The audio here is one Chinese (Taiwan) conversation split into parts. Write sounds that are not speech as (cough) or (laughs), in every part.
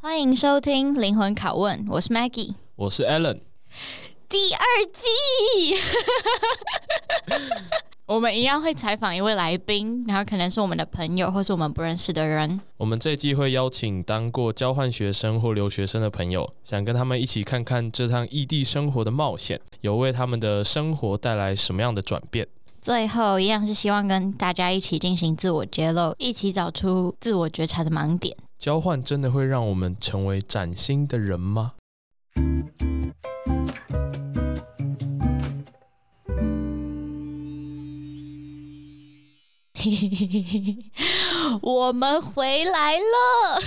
歡迎收聽《靈魂拷問》，我是 Maggie，我是 Alan。第二季， (laughs) (laughs) 我們一樣會採訪一位來賓，然後可能是我們的朋友，或是我們不認識的人。我們這一季會邀請當過交換學生或留學生的朋友，想跟他們一起看看這趟異地生活的冒險，有為他們的生活帶來什麼樣的轉變。最後一樣是希望跟大家一起進行自我揭露，一起找出自我覺察的盲點。交換真的會讓我們成為嶄新的人嗎？ (laughs) 我們回來了，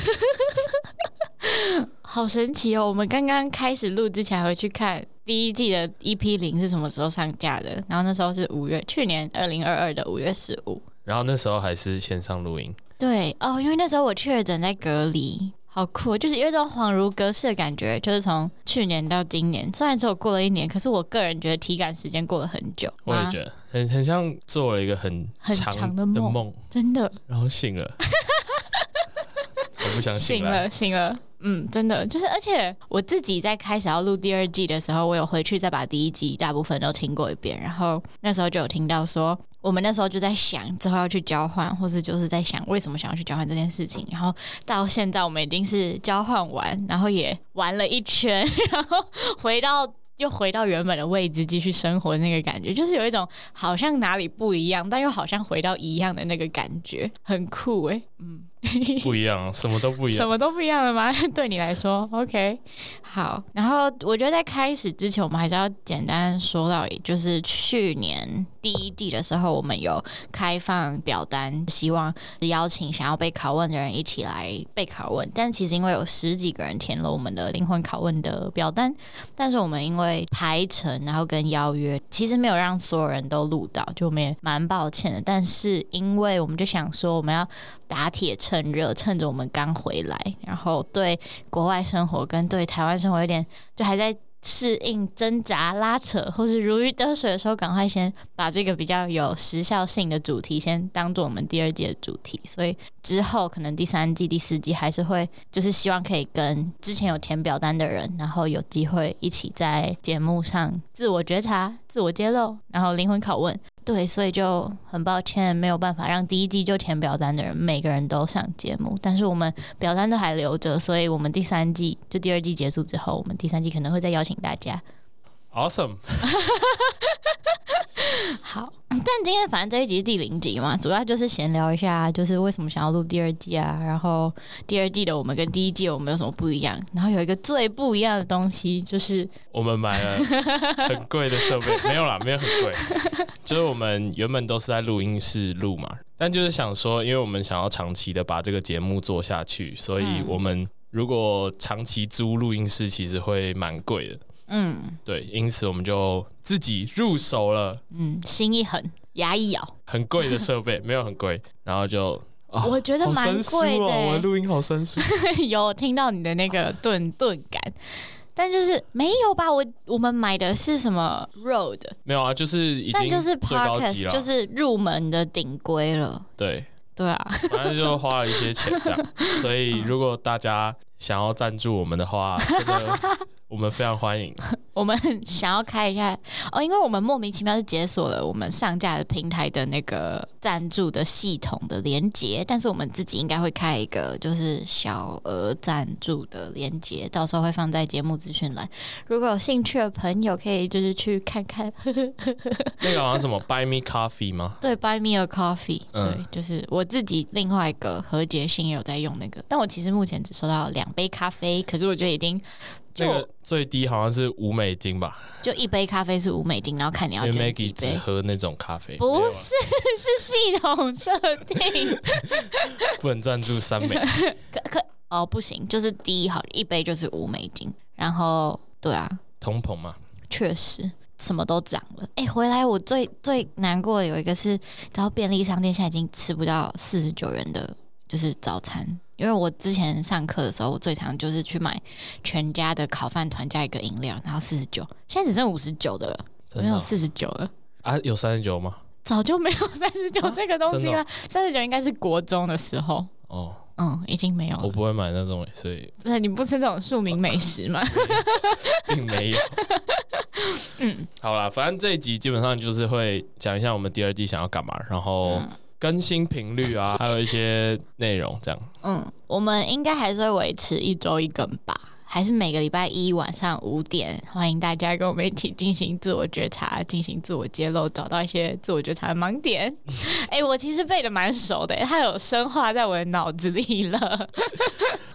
(laughs) 好神奇哦！我們剛剛開始錄之前，會去看第一季的 EP 零是什麼時候上架的，然後那時候是五月，去年二零二二的五月十五，然後那時候還是線上錄音。對哦，因為那時候我確診在隔離，好酷，就是有一種恍如隔世的感覺，就是從去年到今年，雖然只有過了一年，可是我個人覺得體感時間過了很久。啊、我也覺得很很像做了一個很長的夢，很長的夢，真的。然後醒了，哈哈哈哈哈！我不想醒，醒了，醒了。嗯，真的，就是，而且我自己在開始要錄第二季的時候，我有回去再把第一季大部分都聽過一遍，然後那時候就有聽到說，我們那時候就在想之後要去交換，或是就是在想為什麼想要去交換這件事情。然後到現在，我們已經是交換完，然後也玩了一圈，然後回到又回到原本的位置繼續生活，那個感覺就是有一種好像哪裡不一樣，但又好像回到一樣的那個感覺，很酷誒、欸。嗯。 (laughs) 不一樣，什麼都不一樣， (laughs) 什麼都不一樣了嗎？對你來說 (laughs) ，OK，好。然後我覺得在開始之前，我們還是要簡單說到，就是去年。第一季的時候，我們有開放表單，希望邀請想要被拷問的人一起來被拷問。但其實因為有十幾個人填了我們的靈魂拷問的表單，但是我們因為排程，然後跟邀約，其實沒有讓所有人都錄到，就我們也蠻抱歉的。但是因為我們就想說，我們要打鐵趁熱，趁着我們剛回來，然後對國外生活跟對台灣生活有點，就還在。適應、掙扎、拉扯，或是如魚得水的時候，趕快先把這個比較有時效性的主題，先當做我們第二季的主題。所以之後可能第三季、第四季還是會，就是希望可以跟之前有填表單的人，然後有機會一起在節目上自我覺察，自我揭露，然後靈魂拷問，對，所以就很抱歉沒有辦法讓第一季就填表單的人每個人都上節目，但是我們表單都還留着，所以我們第三季就第二季結束之後，我們第三季可能會再邀請大家。Awesome， (laughs) 好，但今天反正這一集是第零集嘛，主要就是閒聊一下，就是為什麼想要錄第二季啊？然後第二季的我們跟第一季我們有什麼不一樣？然後有一個最不一樣的東西就是我們買了很貴的設備， (laughs) 沒有啦，沒有很貴，就是我們原本都是在錄音室錄嘛，但就是想說，因為我們想要長期的把這個節目做下去，所以我們如果長期租錄音室其實會蠻貴的。嗯，對，因此我們就自己入手了。嗯，心一狠，牙一咬，很貴的設備，沒有很貴，然後就、啊、我覺得蠻貴的、欸啊，我錄音好生疏， (laughs) 有聽到你的那個頓頓感，啊、但就是沒有吧？我我們買的是什麼？Road？沒有啊，就是已經最高級了，就是，就是入門的頂規了。對對啊，反正就花了一些錢這樣， (laughs) 所以如果大家。想要贊助我們的話，的 (laughs) 我們非常歡迎。 (laughs) 我們想要開一下哦，因為我們莫名其妙是解鎖了我們上架的平台的那個贊助的系統的連接，但是我們自己應該會開一個就是小額贊助的連接，到時候會放在節目資訊欄。如果有興趣的朋友，可以就是去看看 (laughs) 那個好像什麼 (laughs) “Buy Me Coffee” 嗎？對，“Buy Me a Coffee”，、嗯、對，就是我自己另外一個和解信有在用那個，但我其實目前只收到了兩。杯咖啡，可是我覺得已經就最低好像是五美金吧，就一杯咖啡是五美金，然後看你要幾杯喝那種咖啡，不是，是系統設定 (laughs) (laughs) 不能贊助三美金可，可可哦，不行，就是低好一杯就是五美金，然後對啊，通膨嘛，確實什麼都漲了。哎，回來我最最難過的有一個是，然後便利商店現在已經吃不到四十九元的。就是早餐，因為我之前上課的時候，我最常就是去買全家的烤飯糰加一個飲料，然後四十九，現在只剩五十九的了，的啊、沒有四十九了啊？有三十九嗎？早就沒有三十九這個東西了，三十九應該是國中的時候哦，嗯，已經沒有了。我不會買那種，所以，所以你不吃這種庶民美食嗎？啊呃、並沒有。 (laughs) 嗯，好啦，反正這一集基本上就是會講一下我們第二季想要幹嘛，然後。更新頻率啊，還有一些內容這樣。 (laughs) 嗯，我們應該還是會維持一周一更吧，還是每個禮拜一晚上五點，歡迎大家跟我們一起進行自我覺察，進行自我揭露，找到一些自我覺察的盲點。哎、 (laughs) 欸，我其實背的蠻熟的，它有深化在我的腦子裡了，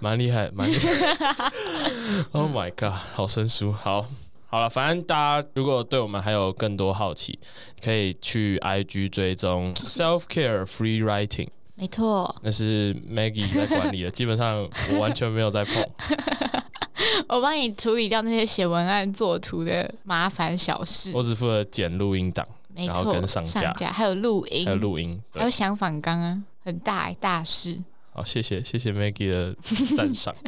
蠻 (laughs) 厲害，蠻厲害。 (laughs) Oh my God，好生疏，好。好了，反正大家如果對我們還有更多好奇，可以去 I G 追蹤 Self Care Free Writing 沒錯。沒錯，那是 Maggie 在管理的， (laughs) 基本上我完全沒有在碰。 (laughs) 我幫你處理掉那些寫文案，做圖的麻煩小事。我只負責剪錄音檔，沒錯，然後跟上架，還有錄音，還有錄音，還有想法，啊，剛剛很大，欸、大事。好，謝謝，謝謝 Maggie 的讚賞。 (laughs)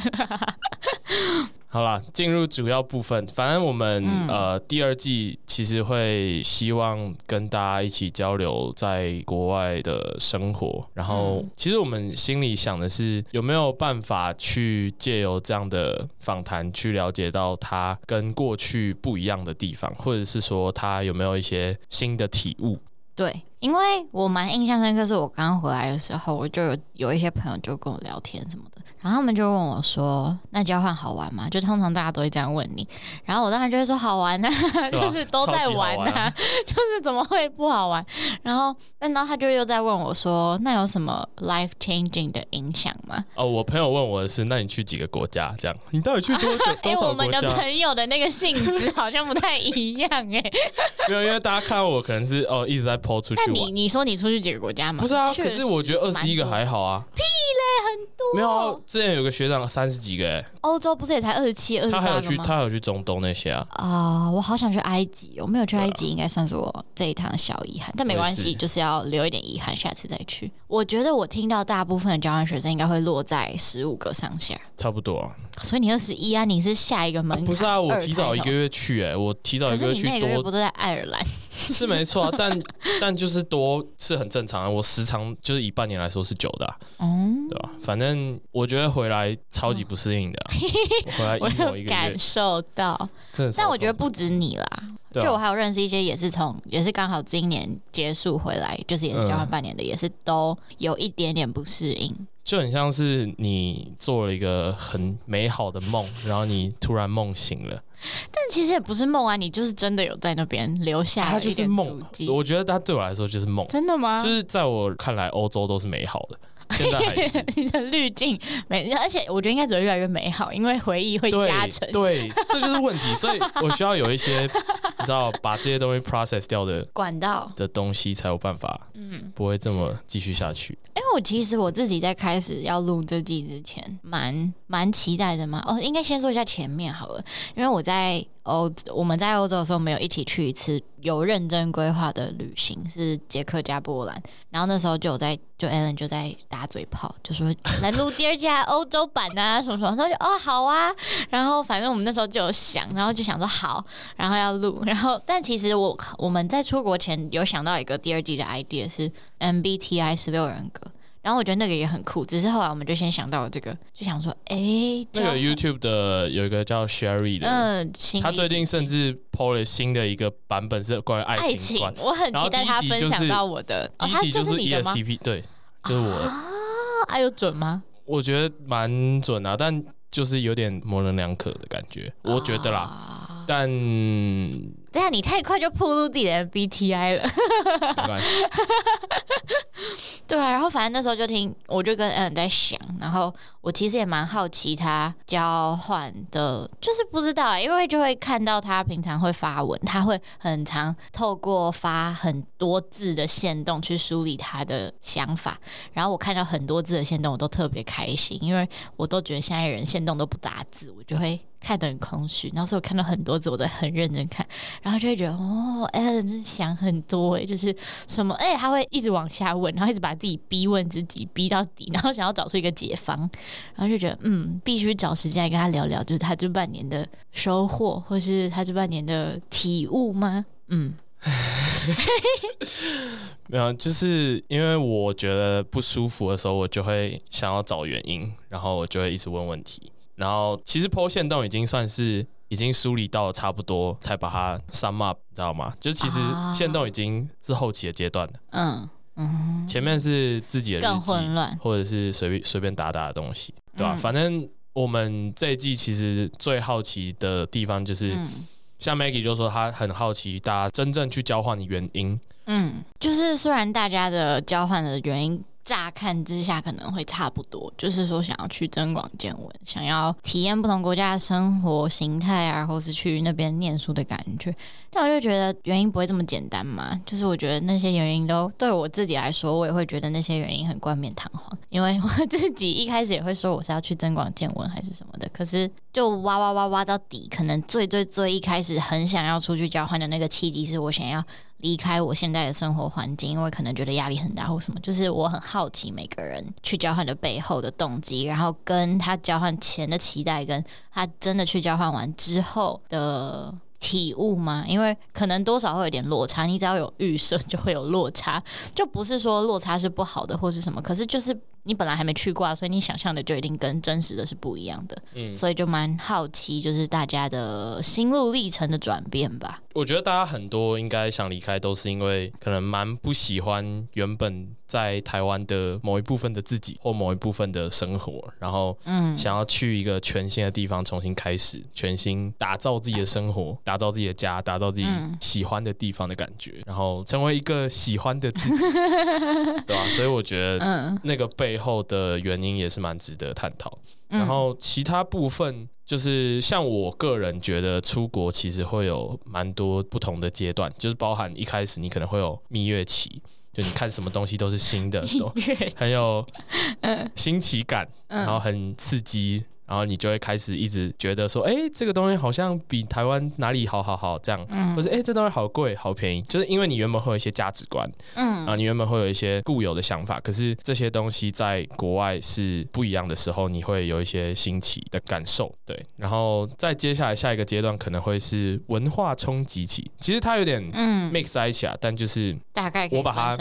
好啦，進入主要部分。反正我們、嗯、呃，第二季其實會希望跟大家一起交流在國外的生活。然後，其實我們心裡想的是，有沒有辦法去借由這樣的訪談，去了解到他跟過去不一樣的地方，或者是說他有沒有一些新的體悟？對。因為我蠻印象深刻，是我剛回來的時候，我就有有一些朋友就跟我聊天什麼的，然後他們就問我說：“那交換好玩嗎？”就通常大家都會這樣問你。然後我當然就會說：“好玩啊，吧 (laughs) 就是都在玩啊，玩啊就是怎麼會不好玩？”然後，然後他就又在問我說：“那有什麼 life changing 的影響嗎？”哦，我朋友問我的是：“那你去幾個國家？這樣你到底去多久？”因為、啊哎、我們的朋友的那個性質好像不太一樣哎、欸。 (laughs) 沒有，因為大家看我可能是哦一直在拋出去。你你說你出去幾個國家嗎？不是啊，可是我覺得二十一個還好啊。屁嘞，很多。沒有、啊，之前有個學長三十幾個哎。歐洲不是也才二十七、二十幾個？他還有去，他還有去中東那些啊。啊、呃，我好想去埃及，我沒有去埃及，對應該算是我這一趟的小遺憾。但沒關係，是就是要留一點遺憾，下次再去。我覺得我聽到大部分的交換學生應該會落在十五個上下，差不多。所以你二十一啊，你是下一個門檻、啊、不是啊，我提早一個月去哎，我提早一個月去多。可是你那個不都在愛爾蘭？ (laughs) 是沒錯、啊，但但就是多是很正常啊。我時常就是以半年來說是久的、啊，嗯、對吧、啊？反正我覺得回來超級不適應的、啊，嗯、 (laughs) 我回來一一個。我又感受到，但我覺得不止你啦，就我還有認識一些也是從也是剛好今年結束回來，就是也是交換半年的，嗯、也是都有一點點不適應。就很像是你做了一個很美好的夢，然後你突然夢醒了。但其實也不是夢啊，你就是真的有在那邊留下一些足跡，啊，他就是夢，我覺得它對我來說就是夢。真的嗎？就是在我看來，歐洲都是美好的，現在還是 (laughs) 你的濾鏡美，而且我覺得應該只會越來越美好，因為回憶會加成。對，這就是問題， (laughs) 所以我需要有一些你知道把這些東西 process 掉的管道的東西，才有辦法，嗯，不會這麼繼續下去。嗯我其實我自己在開始要錄這季之前，蠻蠻期待的嘛。哦，應該先說一下前面好了，因為我在歐，我們在歐洲的時候沒有一起去一次有認真規劃的旅行，是捷克加波蘭。然後那時候就有在，就 Alan 就在打嘴炮，就說來錄第二季，歐洲版啊 (laughs) 什麼什麼。他說哦，好啊。然後反正我們那時候就有想，然後就想說好，然後要錄。然後但其實我我們在出國前有想到一個第二季的 idea 是。MBTI 十六人格，然後我覺得那個也很酷，只是後來我們就先想到了這個，就想說，哎，這那個 YouTube 的有一個叫 Sherry 的，嗯，他最近甚至 PO 了新的一個版本是關於愛情，愛情，我很期待他分享到我的，啊、就是哦，他就是你的 CP 對，就是我啊，哎、啊、呦，有準嗎？我覺得蠻準啊，但就是有點模棱兩可的感覺，啊、我覺得啦，但。哎、你太快就暴露自己的、M、B T I 了。 (laughs) 沒關係。 (laughs) 對啊，然後反正那時候就聽，我就跟嗯在想，然後我其實也蠻好奇他交換的，就是不知道，因為就會看到他平常會發文，他會很常透過發很多字的限動去梳理他的想法，然後我看到很多字的限動，我都特別開心，因為我都覺得現在人限動都不打字，我就會看得很空虛，那時候我看到很多字，我都很認真看。然後就會覺得哦，Alan、欸、真是想很多、欸，就是什麼，而、欸、他會一直往下問，然後一直把自己逼問自己，逼到底，然後想要找出一個解方。然後就覺得嗯，必須找時間來跟他聊聊，就是他這半年的收穫，或是他這半年的體悟嗎？嗯， (laughs) (laughs) 沒有，就是因為我覺得不舒服的時候，我就會想要找原因，然後我就會一直問問題，然後其實 po 限動已經算是。已經梳理到了差不多，才把它 sum up，你知道嗎？就其實現在都已經是後期的階段了。嗯、啊、嗯，嗯，前面是自己的日記更混亂或者是隨便隨便打打的東西，對吧？嗯、反正我們這一季其實最好奇的地方就是，嗯、像 Maggie 就說她很好奇大家真正去交換的原因。嗯，就是雖然大家的交換的原因。乍看之下可能會差不多，就是說想要去增廣見聞，想要體驗不同國家的生活形態啊，或是去那邊念書的感覺。但我就覺得原因不會這麼簡單嘛，就是我覺得那些原因都對我自己來說，我也會覺得那些原因很冠冕堂皇。因為我自己一開始也會說我是要去增廣見聞還是什麼的，可是就挖挖挖挖到底，可能最最最一開始很想要出去交換的那個契機是我想要。離開我現在的生活環境，因為可能覺得壓力很大或什麼。就是我很好奇每個人去交換的背後的動機，然後跟他交換前的期待，跟他真的去交換完之後的體悟嗎？因為可能多少會有點落差，你只要有預設就會有落差，就不是說落差是不好的或是什麼，可是就是。你本來還沒去過、啊，所以你想象的就一定跟真實的是不一樣的。嗯，所以就蠻好奇，就是大家的心路歷程的轉變吧。我覺得大家很多應該想離開，都是因為可能蠻不喜歡原本在台灣的某一部分的自己，或某一部分的生活，然後嗯，想要去一個全新的地方重新開始，全新打造自己的生活，嗯、打造自己的家，打造自己喜歡的地方的感覺，然後成為一個喜歡的自己， (laughs) 對吧？所以我覺得，嗯，那個被。背後的原因也是蠻值得探討。嗯、然後其他部分就是，像我個人覺得，出國其實會有蠻多不同的階段，就是包含一開始你可能會有蜜月期，就你看什麼東西都是新的， (laughs) 都很有新奇感， (laughs) 嗯、然後很刺激。然後你就會開始一直覺得說，哎、欸，這個東西好像比台灣哪裡好好好這樣，嗯、或是哎、欸，這東西好貴好便宜，就是因為你原本會有一些價值觀，嗯，啊，你原本會有一些固有的想法，可是這些東西在國外是不一樣的時候，你會有一些新奇的感受，對。然後再接下來下一個階段，可能會是文化衝擊期，其實它有點嗯 mix 在一起啊，嗯、但就是大概我把它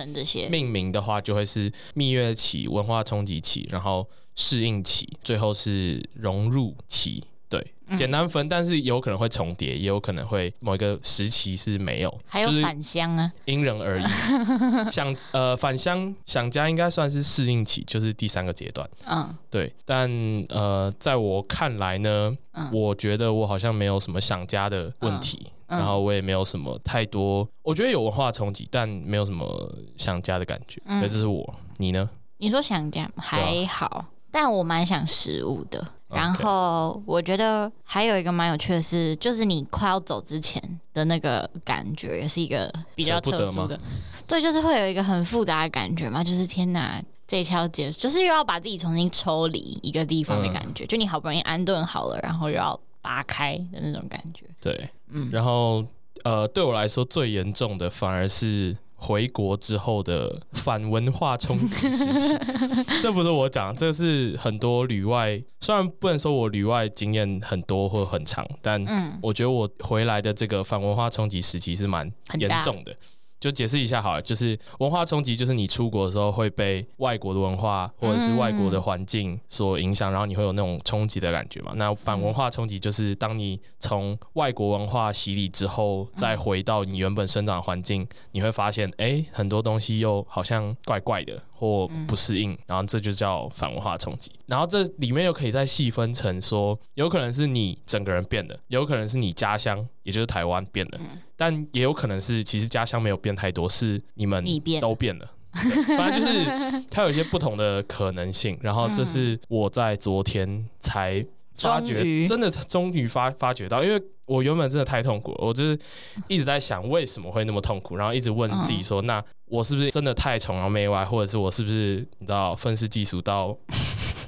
命名的話，就會是蜜月期、文化衝擊期，然後。適應期，最後是融入期，對，嗯、簡單分，但是有可能會重疊，也有可能會某一個時期是沒有，還有返鄉啊，因人而異。 (laughs) 想呃返鄉想家應該算是適應期，就是第三個階段。嗯，對，但呃在我看來呢，嗯、我覺得我好像沒有什麼想家的問題，嗯嗯、然後我也沒有什麼太多，我覺得有文化衝擊，但沒有什麼想家的感覺。所以這、嗯、是，是我，你呢？你說想家還好。但我蠻想食物的，Okay. 然後我覺得還有一個蠻有趣的是，就是你快要走之前的那個感覺，也是一個比較特殊的。對，就是會有一個很複雜的感覺嘛，就是天哪，這要結束，就是又要把自己重新抽離一個地方的感覺，嗯、就你好不容易安頓好了，然後又要拔開的那種感覺。對，嗯，然後呃，對我來說最嚴重的反而是回國之後的反文化衝擊時期， (laughs) 這不是我講的，這是很多旅外。雖然不能說我旅外經驗很多或很長，但我覺得我回來的這個反文化衝擊時期是蠻嚴重的。就解釋一下好了，就是文化衝擊，就是你出國的時候會被外國的文化或者是外國的環境所影響，嗯、然後你會有那種衝擊的感覺嘛。那反文化衝擊就是當你從外國文化洗禮之後，再回到你原本生長的環境，嗯、你會發現，哎、欸，很多東西又好像怪怪的或不適應，嗯、然後這就叫反文化衝擊。然後這裡面又可以再細分成說，說有可能是你整個人變的，有可能是你家鄉。也就是台灣變了，嗯、但也有可能是其實家鄉沒有變太多，是你們都變了，變了。反正就是它有一些不同的可能性。嗯、然後這是我在昨天才發覺，終於真的終於發發覺到，因為我原本真的太痛苦了，我就是一直在想為什麼會那麼痛苦，然後一直問自己說，嗯、那我是不是真的太崇洋媚外，或者是我是不是你知道憤世嫉俗到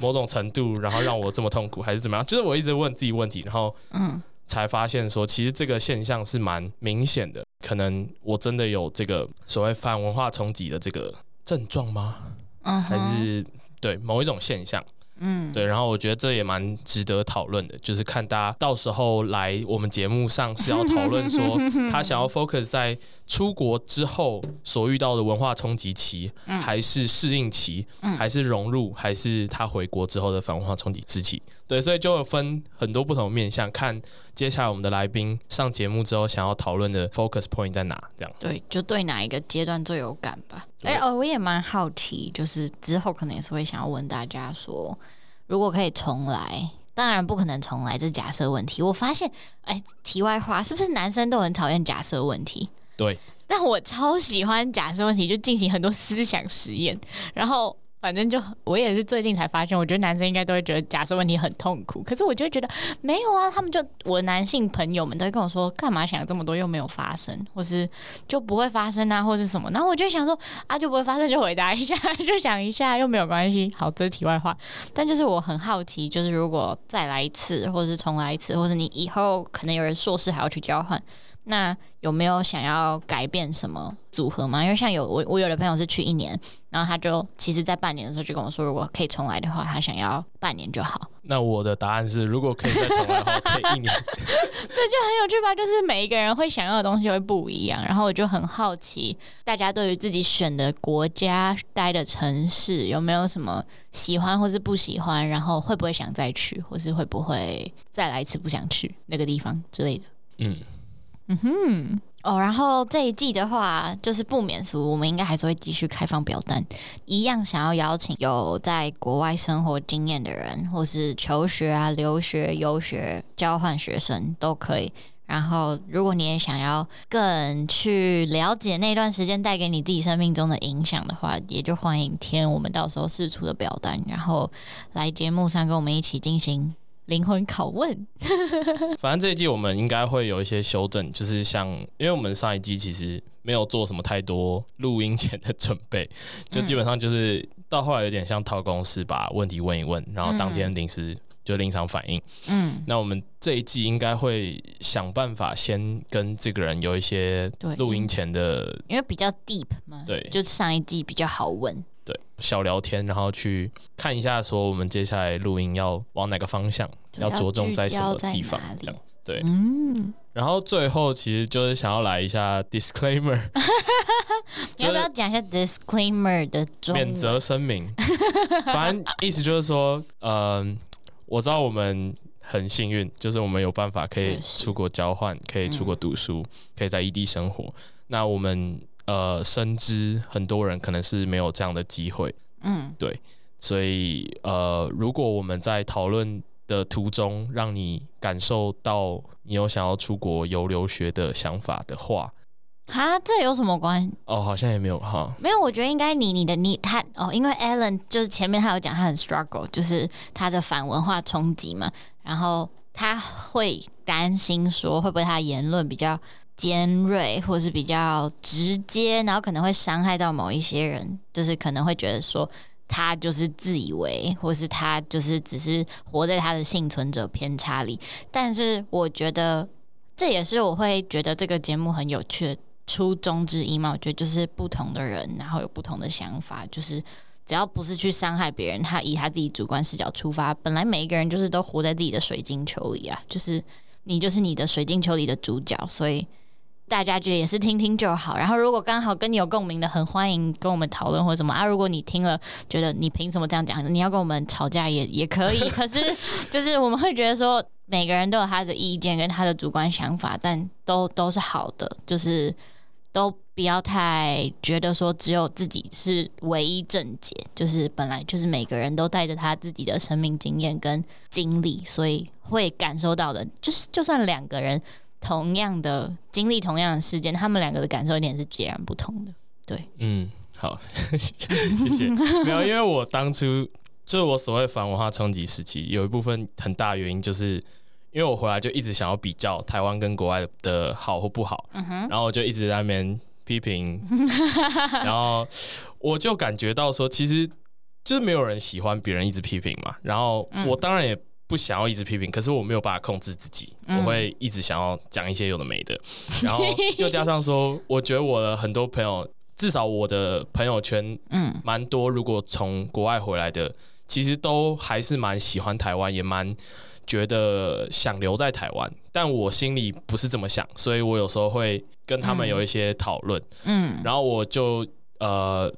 某種程度，然後讓我這麼痛苦，還是怎麼樣？就是我一直問自己問題，然後嗯。才發現說，其實這個現象是蠻明顯的。可能我真的有這個所謂反文化衝擊的這個症狀嗎？Uh huh. 還是對某一種現象？嗯，對。然後我覺得這也蠻值得討論的，就是看大家到時候來我們節目上是要討論說，他想要 focus 在出國之後所遇到的文化衝擊期，嗯、還是適應期，嗯、還是融入，還是他回國之後的反文化衝擊之期？對，所以就有分很多不同面向，看接下來我們的來賓上節目之後想要討論的 focus point 在哪？這樣對，就對哪一個階段最有感吧。哎對、欸，哦，我也蠻好奇，就是之後可能也是會想要問大家說，如果可以重來，當然不可能重來，這假設問題。我發現，哎、欸，題外話，是不是男生都很討厭假設問題？對，但我超喜歡假設問題，就進行很多思想實驗，然後反正就我也是最近才發現，我覺得男生應該都會覺得假設問題很痛苦，可是我就覺得沒有啊，他們就我男性朋友們都會跟我說，幹嘛想這麼多，又沒有發生，或是就不會發生啊，或是什麼，然後我就想說啊，就不會發生就回答一下，就想一下，又沒有關係。好，這是題外話，但就是我很好奇，就是如果再來一次，或者是重來一次，或者你以後可能有人碩士還要去交換。那有沒有想要改變什麼組合嗎？因為像有，我我有的朋友是去一年，然後他就其實在半年的時候就跟我說，如果可以重來的話，他想要半年就好。那我的答案是，如果可以再重來的話， (laughs) 可以一年。 (laughs) 對，就很有趣吧？就是每一個人會想要的東西會不一樣。然後我就很好奇，大家對於自己選的國家、待的城市有沒有什麼喜歡或是不喜歡？然後會不會想再去，或是會不會再來一次不想去那個地方之類的？嗯。嗯哼，哦，然後這一季的話，就是不免俗，我們應該還是會繼續開放表單，一樣想要邀請有在國外生活經驗的人，或是求學啊、留學、遊學、交換學生都可以。然後，如果你也想要更去了解那段時間帶給你自己生命中的影響的話，也就歡迎填我們到時候寄出的表單，然後來節目上跟我們一起進行。靈魂拷問， (laughs) 反正這一季我們應該會有一些修正，就是像因為我們上一季其實沒有做什麼太多錄音前的準備，就基本上就是到後來有點像套公式，把問題問一問，然後當天臨時就臨場反應。嗯，嗯，那我們這一季應該會想辦法先跟這個人有一些錄音前的、嗯，因為比較 deep 嘛，對，就上一季比較好問，對，小聊天，然後去看一下說我們接下來錄音要往哪個方向，要着重在什麼地方？這樣對，嗯。然後最後其實就是想要來一下 disclaimer，要不要講一下 disclaimer 的免責聲明？ (laughs) 反正意思就是說，嗯、 (laughs) 呃，我知道我們很幸運，就是我們有辦法可以出國交換，是是可以出國讀書，嗯、可以在異地生活。那我們呃深知很多人可能是沒有這樣的機會，嗯，對。所以呃，如果我們在討論。的途中，讓你感受到你有想要出國、有留學的想法的話，哈，這有什麼關係？哦，好像也沒有哈，沒有。我覺得應該你、你的、你他哦，因為 Alan 就是前面他有講，他很 struggle，就是他的反文化衝擊嘛，然後他會擔心說，會不會他的言論比較尖銳，或是比較直接，然後可能會傷害到某一些人，就是可能會覺得說。他就是自以為，或是他就是只是活在他的倖存者偏差裡。但是我覺得這也是我會覺得這個節目很有趣的初衷之一嘛。我覺得就是不同的人，然後有不同的想法，就是只要不是去傷害別人，他以他自己主觀視角出發。本來每一個人就是都活在自己的水晶球裡啊，就是你就是你的水晶球裡的主角，所以。大家覺得也是聽聽就好，然後如果剛好跟你有共鳴的，很歡迎跟我們討論或者什麼啊。如果你聽了覺得你憑什麼這樣講，你要跟我們吵架也也可以，可是就是我們會覺得說每個人都有他的意見跟他的主觀想法，但都都是好的，就是都不要太覺得說只有自己是唯一正解。就是本來就是每個人都帶着他自己的生命經驗跟經歷，所以會感受到的，就是就算兩個人。同樣的經歷，同樣的事件，他們兩個的感受一點是截然不同的。對，嗯，好，呵呵謝謝。 (laughs) 沒有，因為我當初就是我所謂反文化衝擊時期，有一部分很大原因就是因為我回來就一直想要比較台灣跟國外的好或不好，嗯哼。然後我就一直在那邊批評， (laughs) 然後我就感覺到說，其實就是沒有人喜歡別人一直批評嘛。然後我當然也。不想要一直批評，可是我沒有辦法控制自己，嗯、我會一直想要講一些有的沒的，然後又加上說， (laughs) 我覺得我的很多朋友，至少我的朋友圈，蠻多。如果從國外回來的，嗯、其實都還是蠻喜歡台灣，也蠻覺得想留在台灣。但我心裡不是這麼想，所以我有時候會跟他們有一些討論，嗯，嗯，然後我就呃，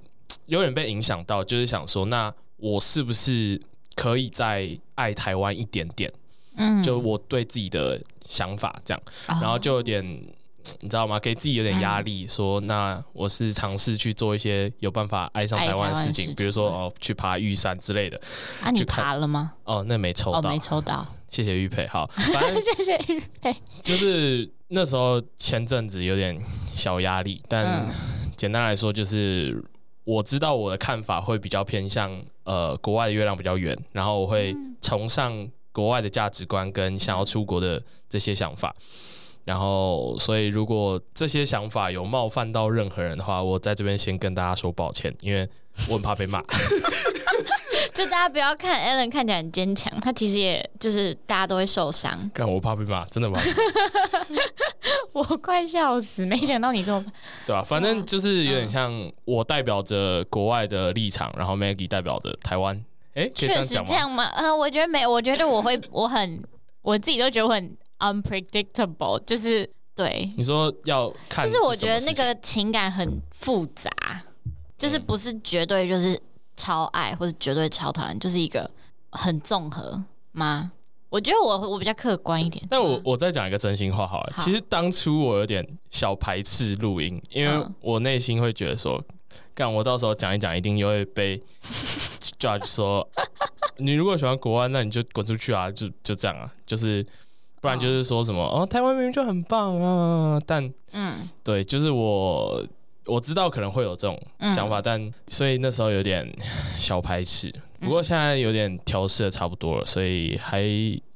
有點被影響到，就是想說，那我是不是可以在？愛台灣一點點，嗯，就我對自己的想法這樣，哦、然後就有點，你知道嗎？給自己有點壓力，嗯、說那我是嘗試去做一些有辦法愛上台灣的事情，事情比如說哦，去爬玉山之類的。啊，你爬了嗎？哦，那個、沒抽到、哦，沒抽到。謝謝玉佩，好，謝謝玉佩。就是那時候前陣子有點小壓力，但簡單來說，就是我知道我的看法會比較偏向。呃，國外的月亮比較圓，然後我會崇尚國外的價值觀跟想要出國的這些想法，然後所以如果這些想法有冒犯到任何人的話，我在這邊先跟大家說抱歉，因為我很怕被罵。 (laughs) (laughs) 就大家不要看 Alan 看起來很堅強，他其實也就是大家都會受傷。看我怕被罵，真的嗎？ (laughs) (laughs) 我快笑死，沒想到你這麼……對啊，反正就是有點像我代表着國外的立場，嗯、然後 Maggie 代表着台灣。哎、欸，確實這樣嗎？嗯、呃，我覺得沒，我覺得我會，我很，我自己都覺得我很 unpredictable，就是對。你說要看，就是我覺得那個情感很複雜，就是不是絕對就是。超愛或是絕對超討厭，就是一個很綜合嗎？我覺得我我比較客觀一點。但我、啊、我再講一個真心話好了，好，其實當初我有點小排斥錄音，因為我內心會覺得說，幹、嗯、我到時候講一講，一定又會被 (laughs) (laughs) ，judge 說你如果喜歡國外，那你就滾出去啊，就就這樣啊，就是不然就是說什麼哦，哦，台灣明明就很棒啊，但嗯，對，就是我。我知道可能會有這種想法，嗯、但所以那時候有點小排斥。嗯、不過現在有點調適得差不多了，嗯、所以還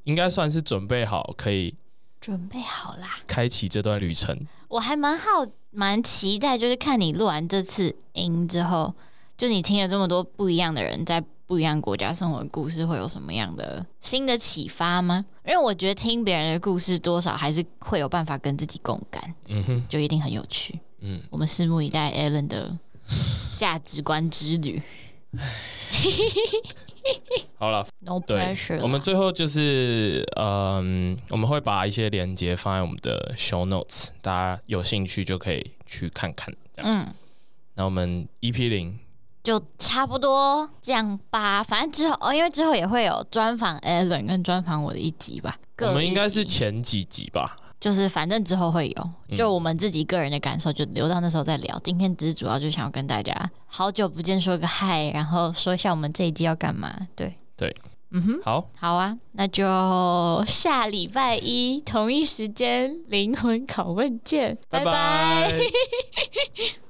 應該算是準備好可以準備好啦，開啟這段旅程。我還蠻好，蠻期待，就是看你錄完這次音之後，就你聽了這麼多不一樣的人在不一樣國家生活的故事，會有什麼樣的新的啟發嗎？因為我覺得聽別人的故事，多少還是會有辦法跟自己共感。嗯哼，就一定很有趣。嗯，我們拭目以待 Alan 的價值觀之旅。 (laughs) 好了啦，No pressure。我們最後就是，嗯，我們會把一些鏈接放在我們的 Show Notes，大家有興趣就可以去看看。嗯，那我們 EP 零就差不多這樣吧。反正之後，哦，因為之後也會有專訪 Alan 跟專訪我的一集吧。集我們應該是前幾集吧。就是反正之後會有，就我們自己個人的感受就留到那時候再聊。嗯、今天只是主要就想要跟大家好久不見說個嗨，然後說一下我們這一季要幹嘛。對對，嗯哼，好好啊，那就下禮拜一同一時間靈魂拷問見，拜拜。 (laughs)